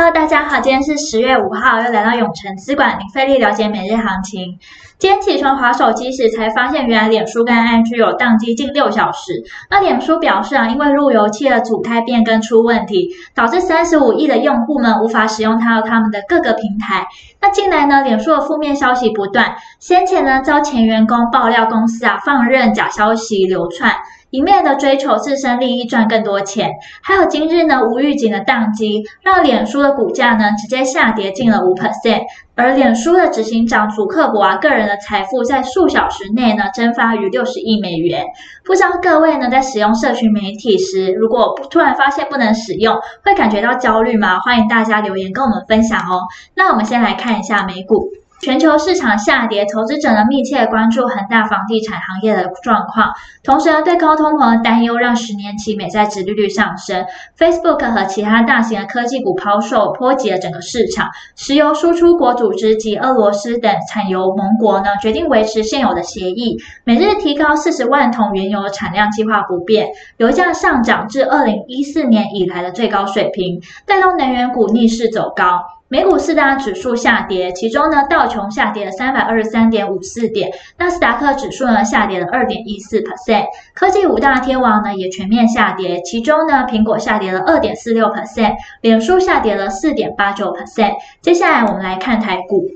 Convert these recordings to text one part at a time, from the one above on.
Hello，大家好，今天是十月五號，又來到永城資管，零費力了解每日行情。今天起床滑手機時，才發現原來臉書跟 IG 有宕機近六小時。那臉書表示啊，因為路由器的組態變更出問題，導致三十五億的用戶們無法使用它和他們的各個平台。那近來呢，臉書的負面消息不斷，先前呢，遭前員工爆料公司啊放任假消息流竄。一面的追求自身利益賺更多錢，還有今日呢，無預警的宕機，讓臉書的股價呢直接下跌近了五 percent，而臉書的執行長祖克柏啊個人的財富在數小時內呢蒸發逾六十億美元。不知道各位呢在使用社群媒體時，如果不突然發現不能使用，會感覺到焦慮嗎？歡迎大家留言跟我們分享哦。那我們先來看一下美股。全球市場下跌，投資者呢密切關注恆大房地產行業的狀況，同時呢對高通膨的擔憂讓十年期美債殖利率上升。Facebook 和其他大型的科技股拋售，波及了整個市場。石油輸出國組織及俄羅斯等產油盟國呢決定維持現有的協議，每日提高四十萬桶原油的產量計劃不變，油價上漲至二零一四年以來的最高水平，帶動能源股逆勢走高。美股四大指數下跌，其中呢，道瓊下跌了三百二十三點五四點，納斯達克指數呢下跌了二點一四 percent，科技五大天王呢也全面下跌，其中呢，蘋果下跌了二點四六 percent，臉書下跌了四點八九 percent。接下來我們來看台股。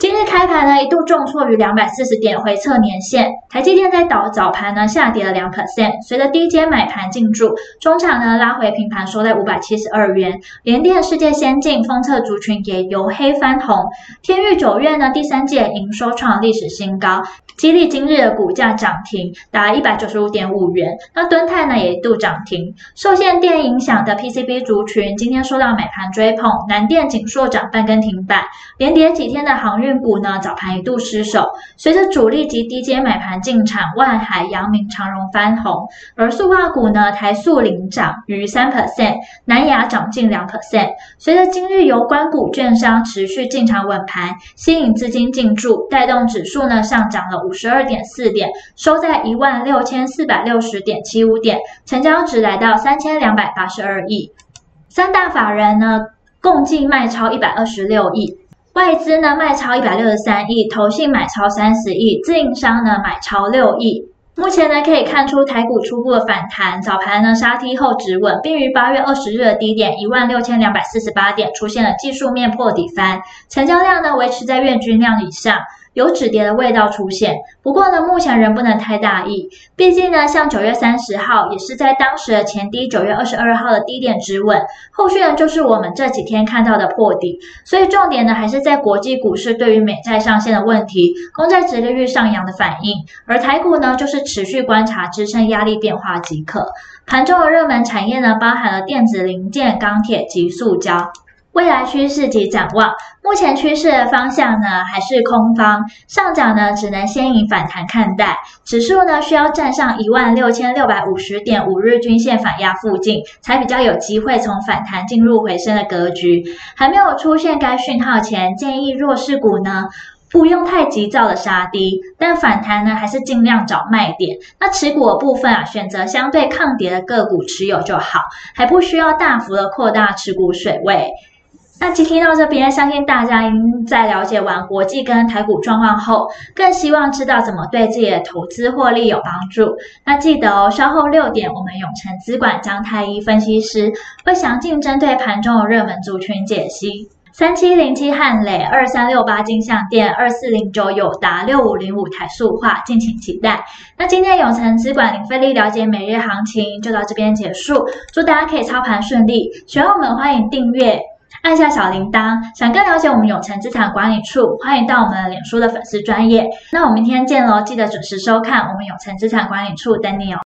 今日開盤呢，一度重挫逾兩百四十點，回測年線。台積電在早早盤呢下跌了兩 percent，隨着低接買盤進駐，中場呢拉回平盤，收在五百七十二元。聯電、世界先進封測族群也由黑翻紅。天鈺九月呢，第三季營收創歷史新高。激勵今日的股價漲停，達一百九十五點五元。那敦泰呢也一度漲停。受限電影響的 PCB 族群，今天受到買盤追捧，南電、景碩漲半根停板。連跌幾天的航運股呢，早盤一度失守。隨着主力及低階買盤進場，萬海、陽明、長榮翻紅。而塑化股呢，台塑領漲逾三 percent，南亞漲近兩 percent。隨着今日由官股券商持續進場穩盤，吸引資金進駐，帶動指數呢上漲了。五十二點四點，收在一萬六千四百六十點七五點，成交值來到三千兩百八十二億。三大法人呢，共計賣超一百二十六億，外資呢賣超一百六十三億，投信買超三十億，自營商呢買超六億。目前呢，可以看出台股初步的反彈，早盤呢殺低後止穩，並於八月二十日的低點一萬六千兩百四十八點出現了技術面破底翻，成交量呢維持在月均量以上。有止跌的味道出現，不過呢，目前仍不能太大意，畢竟呢，像九月三十號也是在當時的前低九月二十二號的低點止穩，後續呢就是我們這幾天看到的破底，所以重點呢還是在國際股市對於美債上限的問題、公債殖利率上揚的反應，而台股呢就是持續觀察支撐壓力變化即可。盤中的熱門產業呢，包含了電子零件、鋼鐵及塑膠。未來趨勢及展望，目前趨勢的方向呢還是空方，上漲呢，只能先以反彈看待。指數呢需要站上一萬六千六百五十點五日均線反壓附近，才比較有機會從反彈進入回升的格局。還沒有出現該訊號前，建議弱勢股呢不用太急躁的殺低，但反彈呢還是盡量找賣點。那持股部分啊，選擇相對抗跌的個股持有就好，還不需要大幅的擴大持股水位。那今天到這邊，相信大家應在了解完國際跟台股狀況後，更希望知道怎麼對自己的投資獲利有幫助。那記得哦，稍後六點，我們永成資管張太一分析師會詳盡針對盤中的熱門族群解析。三七零七漢磊，二三六八金像電，二四零九友達，六五零五台塑化，敬請期待。那今天永成資管零費力了解每日行情就到這邊結束，祝大家可以操盤順利，喜歡我們歡迎訂閱。按下小鈴鐺，想更了解我們永誠資產管理處，歡迎到我們臉書的粉絲專頁。那我們明天見嘍，記得準時收看我們永誠資產管理處，等你哦。